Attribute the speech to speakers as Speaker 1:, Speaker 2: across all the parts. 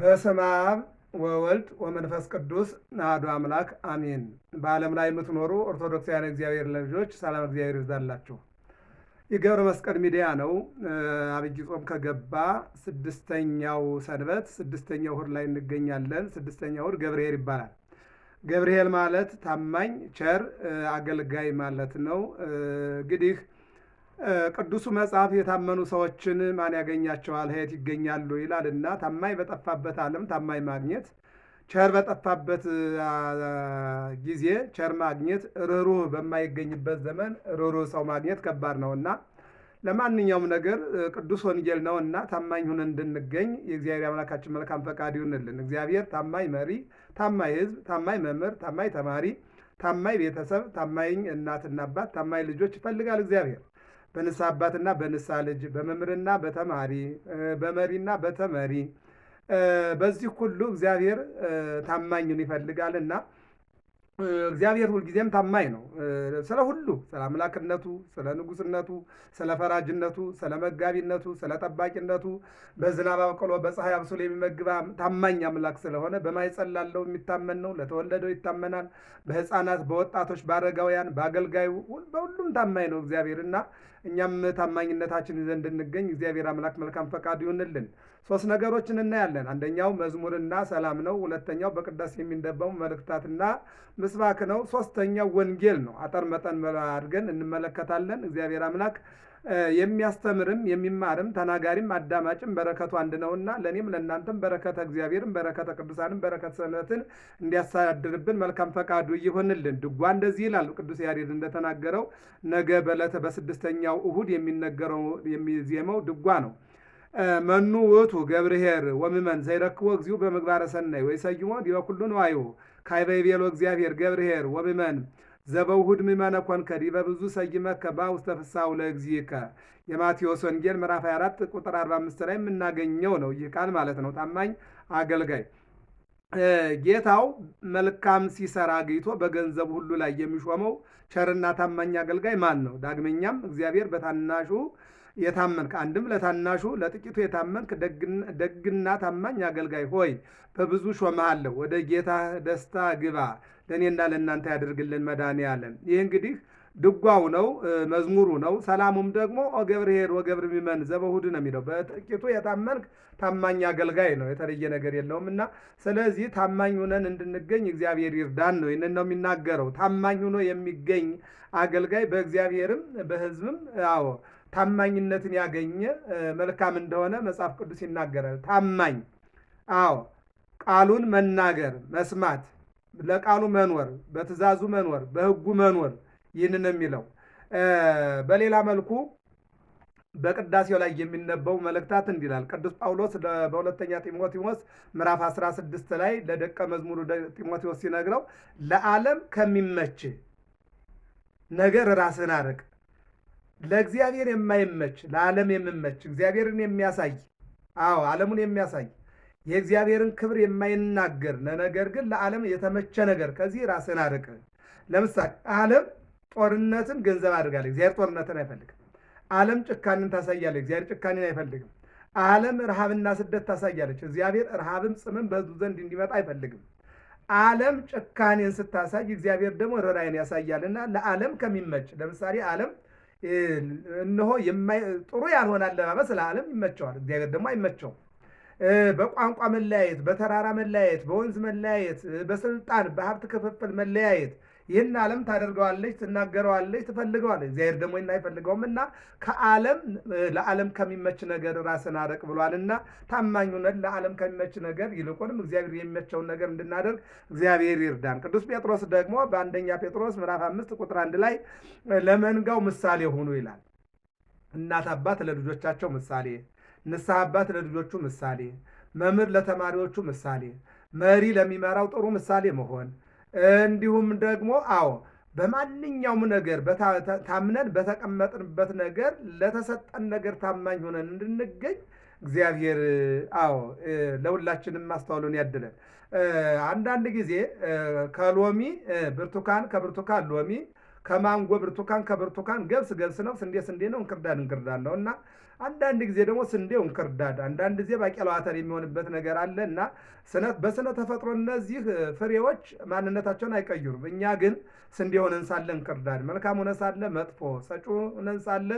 Speaker 1: በስመ አብ ወወልድ ወመንፈስ ቅዱስ አሐዱ አምላክ አሜን። በዓለም ላይ የምትኖሩ ኦርቶዶክሳውያን እግዚአብሔር ልጆች ሰላም እግዚአብሔር ይብዛላችሁ። የገብረ መስቀል ሚዲያ ነው። አብይ ጾም ከገባ ስድስተኛው ሰንበት ስድስተኛው እሑድ ላይ እንገኛለን። ስድስተኛው እሑድ ገብርሄል ይባላል። ገብርኄር ማለት ታማኝ ቸር አገልጋይ ማለት ነው። እንግዲህ ቅዱሱ መጽሐፍ የታመኑ ሰዎችን ማን ያገኛቸዋል? ሀየት ይገኛሉ እና ታማኝ በጠፋበት ዓለም ታማኝ ማግኘት፣ ቸር በጠፋበት ጊዜ ቸር ማግኘት፣ ርኅሩህ በማይገኝበት ዘመን ርኅሩህ ሰው ማግኘት ከባድ እና ለማንኛውም ነገር ቅዱስ ወንጌል እና ታማኝ ሁን እንድንገኝ የእግዚአብሔር አምላካችን መልካም ፈቃድ ይሁንልን። እግዚአብሔር ታማኝ መሪ፣ ታማኝ ህዝብ ታማኝ መምህር፣ ታማኝ ተማሪ፣ ታማኝ ቤተሰብ፣ ታማኝ እናትና አባት፣ ታማኝ ልጆች ይፈልጋል እግዚአብሔር። በንስሐ አባትና በንስሐ ልጅ፣ በመምህርና በተማሪ፣ በመሪና በተመሪ በዚህ ሁሉ እግዚአብሔር ታማኝን ይፈልጋልና እግዚአብሔር ሁልጊዜም ታማኝ ነው። ስለ ሁሉ ስለ አምላክነቱ፣ ስለ ንጉስነቱ፣ ስለ ፈራጅነቱ፣ ስለ መጋቢነቱ፣ ስለ ጠባቂነቱ በዝናብ አብቅሎ በፀሐይ አብስሎ የሚመግብ ታማኝ አምላክ ስለሆነ በማኅፀን ላለው የሚታመን ነው። ለተወለደው ይታመናል። በህፃናት በወጣቶች፣ በአረጋውያን፣ በአገልጋዩ በሁሉም ታማኝ ነው እና እኛም ታማኝነታችን ይዘን እንድንገኝ እግዚአብሔር አምላክ መልካም ፈቃዱ ይሁንልን። ሶስት ነገሮችን እናያለን። አንደኛው መዝሙርና ሰላም ነው። ሁለተኛው በቅዳሴ የሚንደበሙ መልእክታትና ምስባክ ነው። ሶስተኛው ወንጌል ነው። አጠር መጠን አድርገን እንመለከታለን። እግዚአብሔር አምላክ የሚያስተምርም የሚማርም ተናጋሪም አዳማጭም በረከቱ አንድ ነውና ለእኔም ለእናንተም በረከተ እግዚአብሔርም በረከተ ቅዱሳንም በረከተ ሰንበትን እንዲያሳድርብን መልካም ፈቃዱ ይሆንልን። ድጓ እንደዚህ ይላል ቅዱስ ያሬድ እንደተናገረው ነገ በዕለተ በስድስተኛው እሁድ የሚነገረው የሚዜመው ድጓ ነው። መኑ ውእቱ ገብርሄር ወምእመን ዘይረክቦ እግዚኡ በምግባረ ሰናይ ወይሰይሞ ዲበ ኩሉ ንዋዮ ካዕበ ይቤሎ እግዚአብሔር ገብርሄር ወምእመን ዘበውሁድ ምእመነ ኮንከ ዲበ ብዙ ሰይመከ በውስተ ፍሥሓሁ ለእግዚእከ የማቴዎስ ወንጌል ምዕራፍ 24 ቁጥር 45 ላይ የምናገኘው ነው። ይህ ቃል ማለት ነው። ታማኝ አገልጋይ ጌታው መልካም ሲሰራ አግኝቶ በገንዘብ ሁሉ ላይ የሚሾመው ቸርና ታማኝ አገልጋይ ማን ነው? ዳግመኛም እግዚአብሔር በታናሹ የታመንክ አንድም ለታናሹ ለጥቂቱ የታመንክ ደግና ታማኝ አገልጋይ ሆይ በብዙ ሾመሃለሁ። ወደ ጌታ ደስታ ግባ፣ ለእኔና ለእናንተ ያደርግልን መድኃኔዓለም። ይህ እንግዲህ ድጓው ነው፣ መዝሙሩ ነው። ሰላሙም ደግሞ ኦገብርኄር ወገብር ሚመን ዘበሁድ ነው የሚለው በጥቂቱ የታመንክ ታማኝ አገልጋይ ነው። የተለየ ነገር የለውም እና ስለዚህ ታማኝ ሁነን እንድንገኝ እግዚአብሔር ይርዳን ነው። ይህንን ነው የሚናገረው። ታማኝ ሁኖ የሚገኝ አገልጋይ በእግዚአብሔርም በሕዝብም አዎ ታማኝነትን ያገኘ መልካም እንደሆነ መጽሐፍ ቅዱስ ይናገራል። ታማኝ አዎ፣ ቃሉን መናገር፣ መስማት፣ ለቃሉ መኖር፣ በትእዛዙ መኖር፣ በሕጉ መኖር ይህንን የሚለው በሌላ መልኩ በቅዳሴው ላይ የሚነበቡ መልእክታት እንዲላል ቅዱስ ጳውሎስ በሁለተኛ ጢሞቴዎስ ምዕራፍ 16 ላይ ለደቀ መዝሙሩ ጢሞቴዎስ ሲነግረው ለዓለም ከሚመች ነገር ራስን አርቅ ለእግዚአብሔር የማይመች ለዓለም የምመች እግዚአብሔርን የሚያሳይ አዎ ዓለሙን የሚያሳይ የእግዚአብሔርን ክብር የማይናገር ነገር ግን ለዓለም የተመቸ ነገር ከዚህ ራስን አርቅ። ለምሳሌ ዓለም ጦርነትን ገንዘብ አድርጋለች። እግዚአብሔር ጦርነትን አይፈልግም። ዓለም ጭካንን ታሳያለች። እግዚአብሔር ጭካንን አይፈልግም። ዓለም ረሃብና ስደት ታሳያለች። እግዚአብሔር ረሃብም ጽምም በሕዝቡ ዘንድ እንዲመጣ አይፈልግም። ዓለም ጭካኔን ስታሳይ፣ እግዚአብሔር ደግሞ ርኅራኄን ያሳያልና ለዓለም ከሚመች ለምሳሌ ዓለም እነሆ ጥሩ ያልሆነ አለባበስ ለዓለም ይመቸዋል፣ እግዚአብሔር ደግሞ አይመቸውም። በቋንቋ መለያየት፣ በተራራ መለያየት፣ በወንዝ መለያየት፣ በስልጣን በሀብት ክፍፍል መለያየት ይህን ዓለም ታደርገዋለች፣ ትናገረዋለች፣ ትፈልገዋለች። እግዚአብሔር ደግሞ ይህን አይፈልገውም እና ከዓለም ለዓለም ከሚመች ነገር ራስን አረቅ ብሏል እና ታማኝ ሆነን ለዓለም ከሚመች ነገር ይልቁንም እግዚአብሔር የሚመቸውን ነገር እንድናደርግ እግዚአብሔር ይርዳን። ቅዱስ ጴጥሮስ ደግሞ በአንደኛ ጴጥሮስ ምዕራፍ አምስት ቁጥር አንድ ላይ ለመንጋው ምሳሌ ሆኑ ይላል። እናት አባት ለልጆቻቸው ምሳሌ፣ ንስሐ አባት ለልጆቹ ምሳሌ፣ መምህር ለተማሪዎቹ ምሳሌ፣ መሪ ለሚመራው ጥሩ ምሳሌ መሆን እንዲሁም ደግሞ አዎ በማንኛውም ነገር ታምነን በተቀመጥንበት ነገር ለተሰጠን ነገር ታማኝ ሆነን እንድንገኝ እግዚአብሔር አዎ ለሁላችንም ማስተዋሉን ያድለን። አንዳንድ ጊዜ ከሎሚ ብርቱካን፣ ከብርቱካን ሎሚ፣ ከማንጎ ብርቱካን፣ ከብርቱካን ገብስ፣ ገብስ ነው። ስንዴ ስንዴ ነው። እንክርዳድ እንክርዳድ ነው እና አንዳንድ ጊዜ ደግሞ ስንዴው እንክርዳድ፣ አንዳንድ ጊዜ ባቄላ አተር የሚሆንበት ነገር አለ እና በስነ ተፈጥሮ እነዚህ ፍሬዎች ማንነታቸውን አይቀይሩም። እኛ ግን ስንዴ ሆነን ሳለ እንክርዳድ፣ መልካም ሆነ ሳለ መጥፎ፣ ሰጩ ሆነን ሳለ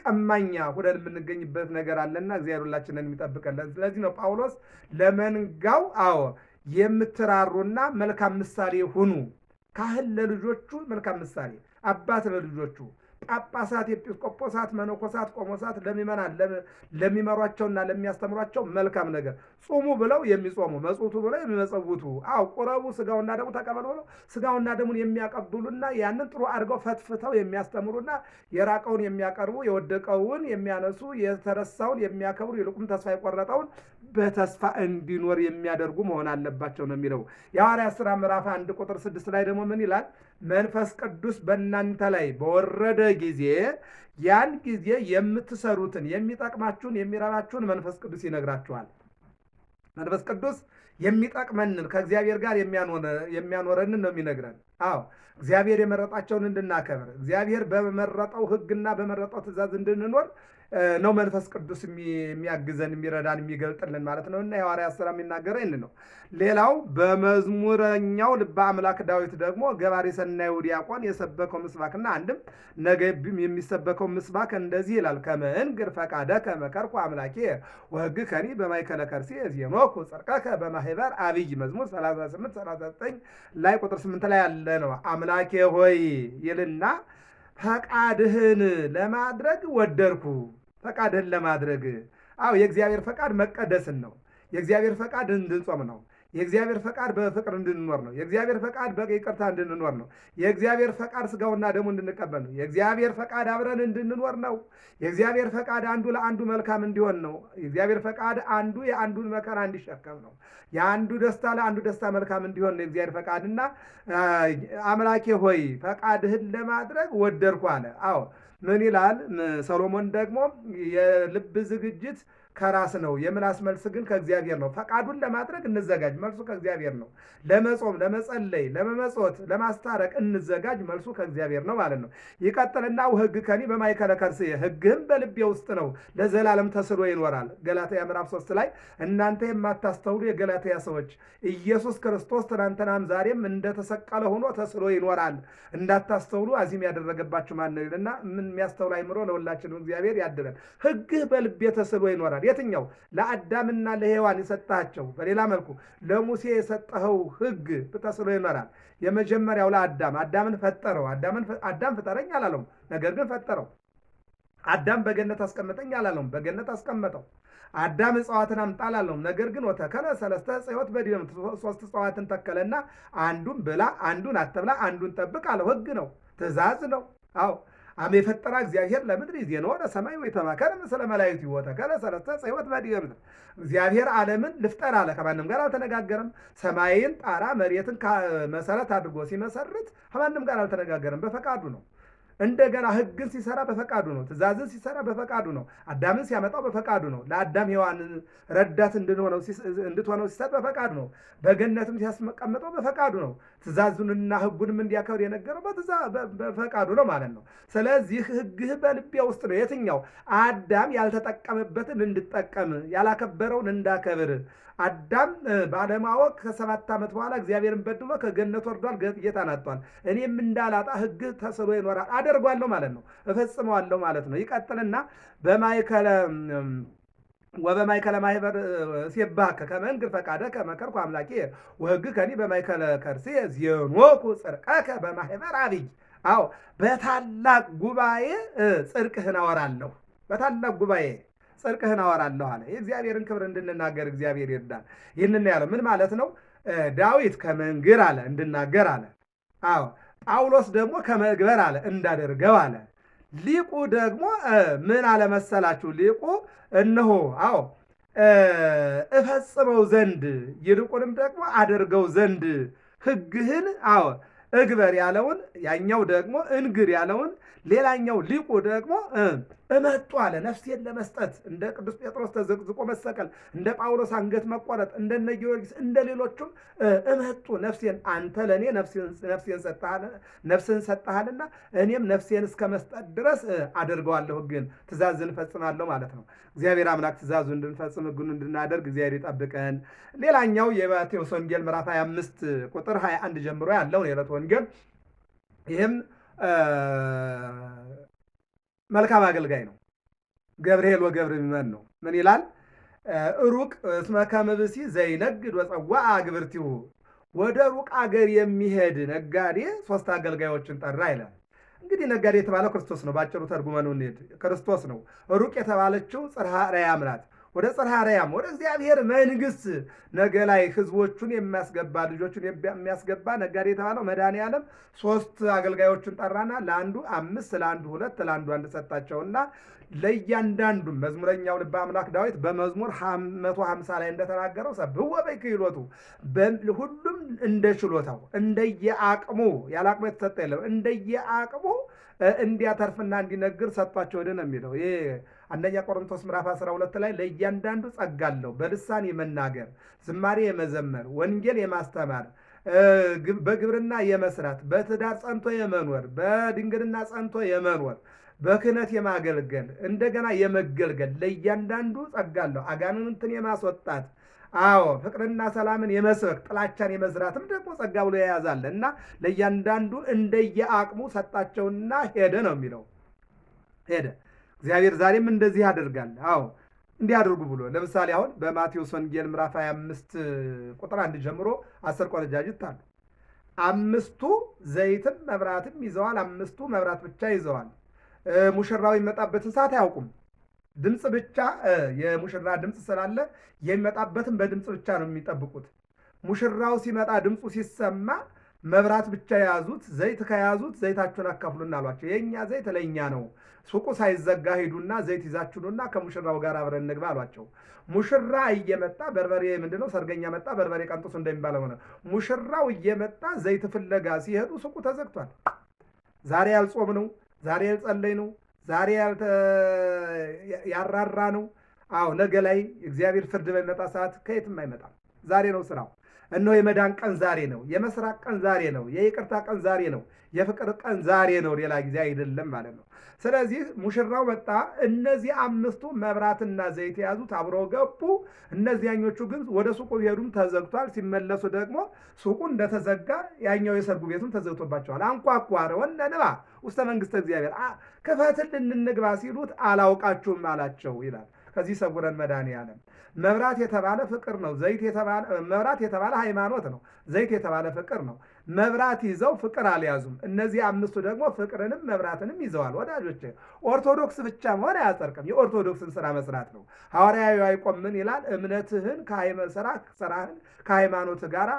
Speaker 1: ቀማኛ ሁነን የምንገኝበት ነገር አለና እግዚአብሔር ሁላችንን የሚጠብቀለን። ስለዚህ ነው ጳውሎስ ለመንጋው አዎ የምትራሩና መልካም ምሳሌ ሁኑ፣ ካህን ለልጆቹ መልካም ምሳሌ፣ አባት ለልጆቹ ጳጳሳት፣ ኤጲስቆጶሳት፣ መነኮሳት፣ ቆሞሳት ለሚመናን ለሚመሯቸውና ለሚያስተምሯቸው መልካም ነገር ጹሙ ብለው የሚጾሙ መጽውቱ ብለው የሚመጸውቱ አው ቁረቡ ስጋውና ደሙ ተቀበሉ ብለው ስጋውና ደሙን የሚያቀብሉና ያንን ጥሩ አድርገው ፈትፍተው የሚያስተምሩና የራቀውን የሚያቀርቡ የወደቀውን የሚያነሱ የተረሳውን የሚያከብሩ ይልቁም ተስፋ የቆረጠውን በተስፋ እንዲኖር የሚያደርጉ መሆን አለባቸው ነው የሚለው የሐዋርያት ሥራ ምዕራፍ አንድ ቁጥር ስድስት ላይ ደግሞ ምን ይላል? መንፈስ ቅዱስ በእናንተ ላይ በወረደ ጊዜ ያን ጊዜ የምትሰሩትን የሚጠቅማችሁን የሚረባችሁን መንፈስ ቅዱስ ይነግራችኋል። መንፈስ ቅዱስ የሚጠቅመንን ከእግዚአብሔር ጋር የሚያኖረንን ነው የሚነግረን። አዎ እግዚአብሔር የመረጣቸውን እንድናከብር፣ እግዚአብሔር በመረጠው ሕግና በመረጠው ትእዛዝ እንድንኖር ነው መንፈስ ቅዱስ የሚያግዘን የሚረዳን የሚገልጥልን ማለት ነው። እና የሐዋርያት ስራ የሚናገረው ይህን ነው። ሌላው በመዝሙረኛው ልበ አምላክ ዳዊት ደግሞ ገባሪ ሰናይ ውዲያቆን የሰበከው ምስባክና አንድም ነገ የሚሰበከው ምስባክ እንደዚህ ይላል። ከመንግር ፈቃደ ከመከርኩ አምላኬ ወህግ ከኒ በማይከለ ከርሴ ዜኖኩ ጽድቀከ በማህበር አብይ መዝሙር 38 39 ላይ ቁጥር 8 ላይ ያለ ነው። አምላኬ ሆይ ይልና ፈቃድህን ለማድረግ ወደድኩ። ፈቃድህን ለማድረግ አዎ፣ የእግዚአብሔር ፈቃድ መቀደስን ነው። የእግዚአብሔር ፈቃድ እንድንጾም ነው። የእግዚአብሔር ፈቃድ በፍቅር እንድንኖር ነው። የእግዚአብሔር ፈቃድ በይቅርታ እንድንኖር ነው። የእግዚአብሔር ፈቃድ ስጋውና ደሙ እንድንቀበል ነው። የእግዚአብሔር ፈቃድ አብረን እንድንኖር ነው። የእግዚአብሔር ፈቃድ አንዱ ለአንዱ መልካም እንዲሆን ነው። የእግዚአብሔር ፈቃድ አንዱ የአንዱን መከራ እንዲሸከም ነው። የአንዱ ደስታ ለአንዱ ደስታ መልካም እንዲሆን ነው የእግዚአብሔር ፈቃድ እና አምላኬ ሆይ ፈቃድህን ለማድረግ ወደድኩ አለ። አዎ ምን ይላል ሰሎሞን ደግሞ የልብ ዝግጅት ከራስ ነው። የምላስ መልስ ግን ከእግዚአብሔር ነው። ፈቃዱን ለማድረግ እንዘጋጅ፣ መልሱ ከእግዚአብሔር ነው። ለመጾም፣ ለመጸለይ፣ ለመመጾት፣ ለማስታረቅ እንዘጋጅ፣ መልሱ ከእግዚአብሔር ነው ማለት ነው። ይቀጥልና ውህግ ከኒ በማእከለ ከርስየ ሕግህም በልቤ ውስጥ ነው ለዘላለም ተስሎ ይኖራል። ገላትያ ምዕራፍ ሶስት ላይ እናንተ የማታስተውሉ የገላትያ ሰዎች ኢየሱስ ክርስቶስ ትናንትናም ዛሬም እንደተሰቀለ ሆኖ ተስሎ ይኖራል፣ እንዳታስተውሉ አዚም ያደረገባችሁ ማን ነው? ይልና ምን የሚያስተውል አይምሮ ለሁላችንም እግዚአብሔር ያድለን። ህግህ በልቤ ተስሎ ይኖራል የትኛው ለአዳምና ለሔዋን የሰጣቸው በሌላ መልኩ ለሙሴ የሰጠኸው ሕግ ተስሎ ይኖራል። የመጀመሪያው ለአዳም አዳምን ፈጠረው። አዳም ፍጠረኝ አላለውም፣ ነገር ግን ፈጠረው። አዳም በገነት አስቀምጠኝ አላለውም፣ በገነት አስቀመጠው። አዳም እጽዋትን አምጣ አላለውም፣ ነገር ግን ወተከለ ሰለስተ ጽወት ሕይወት ሶስት እጽዋትን ተከለና አንዱን ብላ፣ አንዱን አትብላ፣ አንዱን ጠብቅ አለው። ሕግ ነው፣ ትእዛዝ ነው። አዎ አመ የፈጠራ እግዚአብሔር ለምድር ይዜንኦ ለሰማይ ወይተማከረ ምስለ መላእክት ይወተከለ ሰለስተ ጽሕወት በዲበ ምድር። እግዚአብሔር ዓለምን ልፍጠር አለ፣ ከማንም ጋር አልተነጋገረም። ሰማይን ጣራ መሬትን መሰረት አድርጎ ሲመሰርት ከማንም ጋር አልተነጋገረም፣ በፈቃዱ ነው። እንደገና ህግን ሲሰራ በፈቃዱ ነው። ትእዛዝን ሲሰራ በፈቃዱ ነው። አዳምን ሲያመጣው በፈቃዱ ነው። ለአዳም ሔዋን ረዳት እንድትሆነው ሲሰጥ በፈቃዱ ነው። በገነትም ሲያስቀምጠው በፈቃዱ ነው። ትእዛዙንና ሕጉንም እንዲያከብር የነገረው በትዛ በፈቃዱ ነው ማለት ነው። ስለዚህ ህግህ በልቤ ውስጥ ነው። የትኛው አዳም ያልተጠቀመበትን እንድጠቀም ያላከበረውን እንዳከብር። አዳም ባለማወቅ ከሰባት ዓመት በኋላ እግዚአብሔርን በድሎ ከገነት ወርዷል፣ ጌታን አጥቷል። እኔም እንዳላጣ ህግ ተስሎ ይኖራል። አደርጓለሁ ማለት ነው፣ እፈጽመዋለሁ ማለት ነው። ይቀጥልና በማይከለ ወበማይከለ ማህበር ሲባከ ከመንግር ፈቃደ ከመከርኩ አምላኬ ወህግ ከኒ በማይከለ ከርሴ ዜኖኩ ጽድቀከ በማህበር አብይ። አዎ በታላቅ ጉባኤ ጽድቅህን አወራለሁ፣ በታላቅ ጉባኤ ጽድቅህን አወራለሁ አለ። የእግዚአብሔርን ክብር እንድንናገር እግዚአብሔር ይርዳል። ይህንን ያለው ምን ማለት ነው? ዳዊት ከመንግር አለ እንድናገር አለ። አዎ ጳውሎስ ደግሞ ከመግበር አለ እንዳደርገው አለ። ሊቁ ደግሞ ምን አለመሰላችሁ? ሊቁ እነሆ አዎ እፈጽመው ዘንድ ይልቁንም ደግሞ አደርገው ዘንድ ሕግህን አዎ እግበር ያለውን ያኛው ደግሞ እንግር ያለውን ሌላኛው ሊቁ ደግሞ እመጡ አለ ነፍሴን ለመስጠት እንደ ቅዱስ ጴጥሮስ ተዘቅዝቆ መሰቀል፣ እንደ ጳውሎስ አንገት መቆረጥ፣ እንደነ ጊዮርጊስ እንደ ሌሎቹም እመጡ ነፍሴን አንተ ለእኔ ነፍስን ሰጠሃልና እኔም ነፍሴን እስከ መስጠት ድረስ አደርገዋለሁ፣ ግን ትእዛዝ እንፈጽማለሁ ማለት ነው። እግዚአብሔር አምላክ ትእዛዙ እንድንፈጽም ሕጉን እንድናደርግ እግዚአብሔር ይጠብቀን። ሌላኛው የማቴዎስ ወንጌል ምዕራፍ 25 ቁጥር 21 ጀምሮ ያለው ነው ወንጌል ይህም መልካም አገልጋይ ነው። ገብርኤል ወገብር ሚመን ነው። ምን ይላል? ሩቅ እስመ ከመ ዘይነግድ ወፀዋ ግብርቲሁ። ወደ ሩቅ አገር የሚሄድ ነጋዴ ሶስት አገልጋዮችን ጠራ ይላል። እንግዲህ ነጋዴ የተባለው ክርስቶስ ነው። በአጭሩ ተርጉመን እንሂድ። ክርስቶስ ነው። ሩቅ የተባለችው ጽርሐ አርያም ናት። ወደ ጽርሐ አርያም ወደ እግዚአብሔር መንግስት ነገ ላይ ህዝቦቹን የሚያስገባ ልጆቹን የሚያስገባ ነጋዴ የተባለው መድኃኔዓለም ሶስት አገልጋዮቹን ጠራና ለአንዱ አምስት ለአንዱ ሁለት ለአንዱ አንድ ሰጣቸውና ለእያንዳንዱ መዝሙረኛው ልበ አምላክ ዳዊት በመዝሙር መቶ ሀምሳ ላይ እንደተናገረው ሰብእ በክህሎቱ ሁሉም እንደ ችሎታው እንደየአቅሙ ያለ አቅሙ የተሰጠ የለም እንደየአቅሙ እንዲያተርፍና እንዲነግር ሰጥቷቸው ወደ ነው የሚለው አንደኛ ቆሮንቶስ ምዕራፍ 12 ላይ ለእያንዳንዱ ጸጋ አለው፣ በልሳን የመናገር፣ ዝማሬ የመዘመር፣ ወንጌል የማስተማር፣ በግብርና የመስራት፣ በትዳር ጸንቶ የመኖር፣ በድንግልና ጸንቶ የመኖር፣ በክህነት የማገልገል፣ እንደገና የመገልገል ለእያንዳንዱ ጸጋ አለው። አጋንንትን የማስወጣት አዎ ፍቅርና ሰላምን የመስበክ ጥላቻን የመዝራትም ደግሞ ጸጋ ብሎ የያዛለ እና ለእያንዳንዱ እንደየአቅሙ ሰጣቸውና ሄደ ነው የሚለው ሄደ እግዚአብሔር ዛሬም እንደዚህ ያደርጋል። አዎ እንዲህ አድርጉ ብሎ ለምሳሌ አሁን በማቴዎስ ወንጌል ምዕራፍ 25 ቁጥር አንድ ጀምሮ አስር ቆነጃጅት አሉ። አምስቱ ዘይትም መብራትም ይዘዋል፣ አምስቱ መብራት ብቻ ይዘዋል። ሙሽራው የሚመጣበትን ሰዓት አያውቁም። ድምፅ ብቻ የሙሽራ ድምፅ ስላለ የሚመጣበትን በድምፅ ብቻ ነው የሚጠብቁት። ሙሽራው ሲመጣ ድምፁ ሲሰማ መብራት ብቻ የያዙት ዘይት ከያዙት ዘይታችሁን አካፍሉና አሏቸው። የእኛ ዘይት ለእኛ ነው፣ ሱቁ ሳይዘጋ ሂዱና ዘይት ይዛችሁና ከሙሽራው ጋር አብረን እንግባ አሏቸው። ሙሽራ እየመጣ በርበሬ ምንድነው፣ ሰርገኛ መጣ በርበሬ ቀንጥሱ እንደሚባለው ሆነ። ሙሽራው እየመጣ ዘይት ፍለጋ ሲሄዱ ሱቁ ተዘግቷል። ዛሬ ያልጾም ነው፣ ዛሬ ያልጸለይ ነው፣ ዛሬ ያራራ ነው። አዎ ነገ ላይ እግዚአብሔር ፍርድ በሚመጣ ሰዓት ከየትም አይመጣም። ዛሬ ነው ስራው። እነሆ የመዳን ቀን ዛሬ ነው። የመስራቅ ቀን ዛሬ ነው። የይቅርታ ቀን ዛሬ ነው። የፍቅር ቀን ዛሬ ነው፣ ሌላ ጊዜ አይደለም ማለት ነው። ስለዚህ ሙሽራው መጣ። እነዚህ አምስቱ መብራትና ዘይት የያዙት አብረው ገቡ። እነዚያኞቹ ግን ወደ ሱቁ ሄዱም ተዘግቷል። ሲመለሱ ደግሞ ሱቁ እንደተዘጋ ያኛው የሰርጉ ቤቱም ተዘግቶባቸዋል። አንኳኳረ ንባ ውስተ መንግሥተ እግዚአብሔር ክፈትልን እንግባ ሲሉት አላውቃችሁም አላቸው ይላል። ከዚህ ሰውረን መድኃኔዓለም። መብራት የተባለ ፍቅር ነው። ዘይት የተባለ መብራት የተባለ ሃይማኖት ነው። ዘይት የተባለ ፍቅር ነው። መብራት ይዘው ፍቅር አልያዙም። እነዚህ አምስቱ ደግሞ ፍቅርንም መብራትንም ይዘዋል። ወዳጆች ኦርቶዶክስ ብቻ መሆን አያጸድቅም። የኦርቶዶክስን ስራ መስራት ነው። ሐዋርያዊ አይቆም ምን ይላል? እምነትህን ስራህን ከሃይማኖት ጋር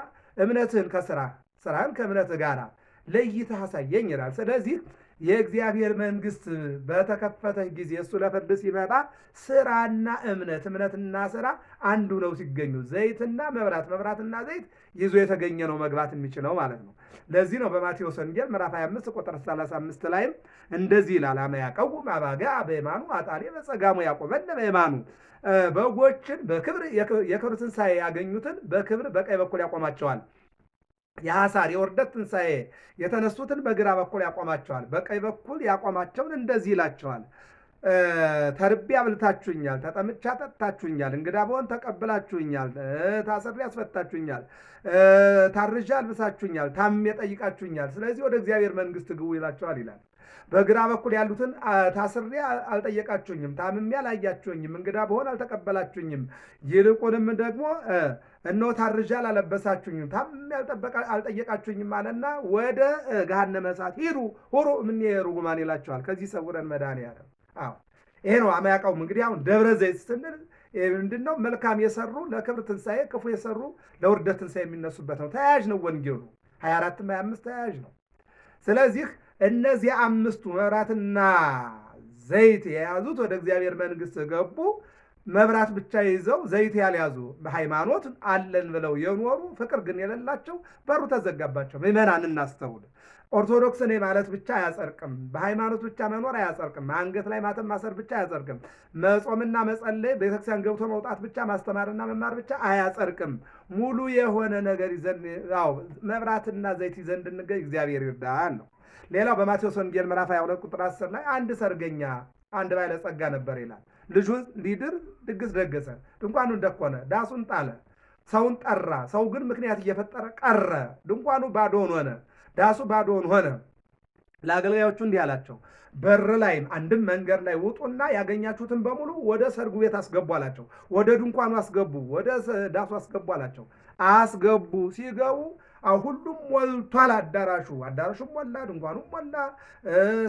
Speaker 1: እምነትህን ከስራ ስራህን ከእምነት ጋራ ለይተህ አሳየኝ ይላል። ስለዚህ የእግዚአብሔር መንግስት በተከፈተ ጊዜ እሱ ለፍርድ ሲመጣ ስራና እምነት እምነትና ስራ አንዱ ነው ሲገኙ፣ ዘይትና መብራት መብራትና ዘይት ይዞ የተገኘ ነው መግባት የሚችለው ማለት ነው። ለዚህ ነው በማቴዎስ ወንጌል ምዕራፍ 25 ቁጥር 35 ላይም እንደዚህ ይላል፣ አመ ያቀውም አባግዕ በየማኑ አጣሌ በጸጋሙ ያቆመነ በየማኑ በጎችን በክብር የክብር ትንሣኤ ያገኙትን በክብር በቀኝ በኩል ያቆማቸዋል። የሐሳር የወርደት ትንሣኤ የተነሱትን በግራ በኩል ያቆማቸዋል፣ በቀኝ በኩል ያቆማቸውን እንደዚህ ይላቸዋል። ተርቤ አብልታችሁኛል፣ ተጠምቻ ጠጥታችሁኛል፣ እንግዳ በሆን ተቀብላችሁኛል፣ ታስሬ ያስፈታችሁኛል፣ ታርዣ አልብሳችሁኛል፣ ታምሜ ጠይቃችሁኛል። ስለዚህ ወደ እግዚአብሔር መንግሥት ግቡ ይላቸዋል ይላል። በግራ በኩል ያሉትን ታስሬ አልጠየቃችሁኝም፣ ታምሜ አላያችሁኝም፣ እንግዳ በሆን አልተቀበላችሁኝም፣ ይልቁንም ደግሞ እነሆ ታርዣ አላለበሳችሁኝም፣ ታም አልጠየቃችሁኝም አለና ወደ ገሃነመ እሳት ሂዱ ሆሮ ምን ርጉማን ይላቸዋል። ከዚህ ሰውረን መድኃኒዓለም። አዎ ይሄ ነው አማያውቀውም። እንግዲህ አሁን ደብረ ዘይት ስንል ምንድን ነው? መልካም የሰሩ ለክብር ትንሣኤ፣ ክፉ የሰሩ ለውርደት ትንሣኤ የሚነሱበት ነው። ተያያዥ ነው ወንጌሉ 24ም 25 ተያያዥ ነው። ስለዚህ እነዚህ አምስቱ መብራትና ዘይት የያዙት ወደ እግዚአብሔር መንግስት ገቡ። መብራት ብቻ ይዘው ዘይት ያልያዙ በሃይማኖት አለን ብለው የኖሩ ፍቅር ግን የሌላቸው በሩ ተዘጋባቸው። ምዕመናን እናስተውል። ኦርቶዶክስ እኔ ማለት ብቻ አያጸርቅም። በሃይማኖት ብቻ መኖር አያጸርቅም። አንገት ላይ ማተም ማሰር ብቻ አያጸርቅም። መጾምና መጸለይ፣ ቤተክርስቲያን ገብቶ መውጣት ብቻ ማስተማርና መማር ብቻ አያጸርቅም። ሙሉ የሆነ ነገር ይዘን ያው መብራትና ዘይት ይዘን እንድንገኝ እግዚአብሔር ይርዳን ነው። ሌላው በማቴዎስ ወንጌል ምዕራፍ 22 ቁጥር 10 ላይ አንድ ሰርገኛ አንድ ባለጸጋ ነበር ይላል ልጁን ሊድር ድግስ ደገሰ፣ ድንኳኑን እንደኮነ ዳሱን ጣለ፣ ሰውን ጠራ። ሰው ግን ምክንያት እየፈጠረ ቀረ። ድንኳኑ ባዶን ሆነ፣ ዳሱ ባዶን ሆነ፣ ለአገልጋዮቹ እንዲህ አላቸው፣ በር ላይም አንድም መንገድ ላይ ውጡና ያገኛችሁትን በሙሉ ወደ ሰርጉ ቤት አስገቡ አላቸው። ወደ ድንኳኑ አስገቡ፣ ወደ ዳሱ አስገቡ አላቸው። አስገቡ ሲገቡ ሁሉም ሞልቷል። አዳራሹ አዳራሹ ሞላ፣ ድንኳኑ ሞላ፣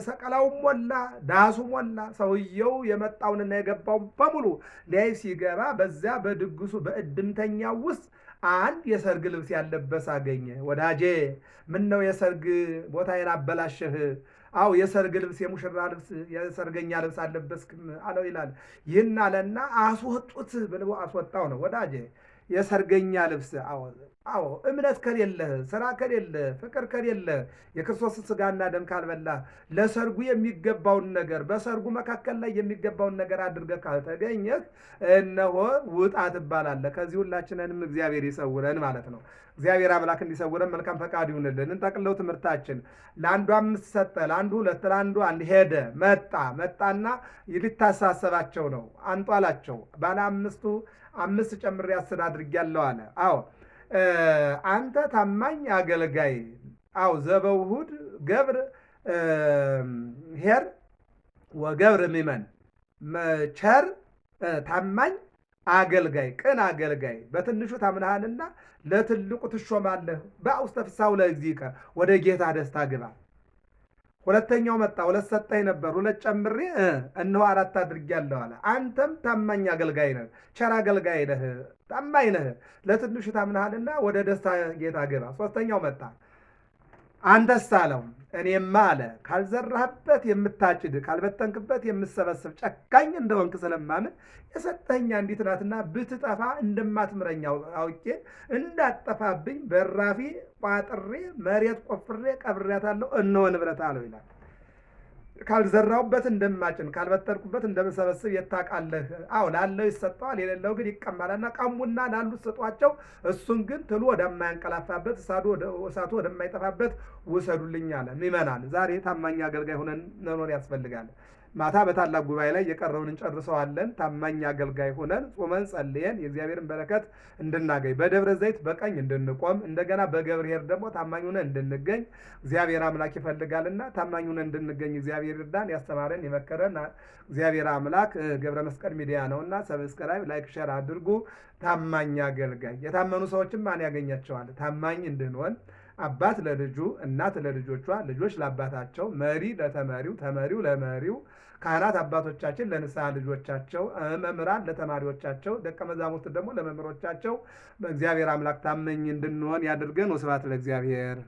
Speaker 1: ሰቀላውም ሞላ፣ ዳሱ ሞላ። ሰውየው የመጣውንና የገባውን በሙሉ ሊያይ ሲገባ በዚያ በድግሱ በእድምተኛ ውስጥ አንድ የሰርግ ልብስ ያለበስ አገኘ። ወዳጄ ምን ነው የሰርግ ቦታዬን አበላሸህ? አው የሰርግ ልብስ የሙሽራ ልብስ የሰርገኛ ልብስ አለበስክም አለው ይላል። ይህን አለና አስወጡት ብሎ አስወጣው ነው ወዳጄ የሰርገኛ ልብስ አዎ እምነት ከሌለ ስራ ከሌለ ፍቅር ከሌለ የክርስቶስን ስጋና ደም ካልበላ ለሰርጉ የሚገባውን ነገር በሰርጉ መካከል ላይ የሚገባውን ነገር አድርገ ካልተገኘህ እነሆ ውጣ ትባላለህ። ከዚህ ሁላችንንም እግዚአብሔር ይሰውረን ማለት ነው። እግዚአብሔር አምላክ እንዲሰውረን መልካም ፈቃድ ይሁንልን። እንጠቅለው ትምህርታችን ለአንዱ አምስት ሰጠ፣ ለአንዱ ሁለት፣ ለአንዱ አንድ፣ ሄደ መጣ መጣና ሊታሳሰባቸው ነው። አንጧላቸው ባለ አምስቱ አምስት ጨምሬ አስር አድርጌያለሁ አለ። አዎ አንተ ታማኝ አገልጋይ አው ዘበውሁድ ገብር ሄር ወገብር ሚመን ቸር ታማኝ አገልጋይ ቅን አገልጋይ በትንሹ ታምናሃንና ለትልቁ ትሾማለህ። በአውስተ ፍሳው ለእግዚእከ ወደ ጌታ ደስታ ግባ። ሁለተኛው መጣ። ሁለት ሰጠኝ ነበር፣ ሁለት ጨምሬ እነሆ አራት አድርጌያለሁ አለ። አንተም ታማኝ አገልጋይ ነህ፣ ቸር አገልጋይ ነህ፣ ታማኝ ነህ፣ ለትንሹ ታምናሃልና ወደ ደስታ ጌታ ግባ። ሶስተኛው መጣ አንተስ አለው እኔማ አለ ካልዘራህበት የምታጭድ ካልበተንክበት የምሰበስብ ጨካኝ እንደሆንክ ስለማምን የሰጠኸኝ አንዲት ናትና ብትጠፋ እንደማትምረኛው አውቄ እንዳጠፋብኝ በራፊ ቋጥሬ መሬት ቆፍሬ ቀብሬያታለሁ። እነሆ ንብረት አለው ይላል። ካልዘራውበት እንደማጭን ካልበተልኩበት እንደምሰበስብ የታውቃለህ። አዎ ላለው ይሰጠዋል፣ የሌለው ግን ይቀማልና ቀሙና ላሉት ስጧቸው፣ እሱን ግን ትሉ ወደማያንቀላፋበት እሳቱ ወደማይጠፋበት ውሰዱልኝ አለ። ይመናል ዛሬ ታማኝ አገልጋይ ሆነን መኖር ያስፈልጋል። ማታ በታላቅ ጉባኤ ላይ የቀረውን እንጨርሰዋለን። ታማኝ አገልጋይ ሆነን ጾመን ጸልየን የእግዚአብሔርን በረከት እንድናገኝ በደብረ ዘይት በቀኝ እንድንቆም እንደገና በገብርሔር ደግሞ ታማኝ ሆነን እንድንገኝ እግዚአብሔር አምላክ ይፈልጋልና ታማኝ ሆነን እንድንገኝ እግዚአብሔር ይርዳን። ያስተማረን የመከረን እግዚአብሔር አምላክ ገብረ መስቀል ሚዲያ ነውና ሰብስክራይብ፣ ላይክ፣ ሸር አድርጉ። ታማኝ አገልጋይ የታመኑ ሰዎችም ማን ያገኛቸዋል? ታማኝ እንድንሆን አባት ለልጁ፣ እናት ለልጆቿ፣ ልጆች ለአባታቸው፣ መሪ ለተመሪው፣ ተመሪው ለመሪው፣ ካህናት አባቶቻችን ለንስሐ ልጆቻቸው፣ መምህራን ለተማሪዎቻቸው፣ ደቀ መዛሙርት ደግሞ ለመምህሮቻቸው በእግዚአብሔር አምላክ ታመኝ እንድንሆን ያድርገን። ወስብሐት ለእግዚአብሔር።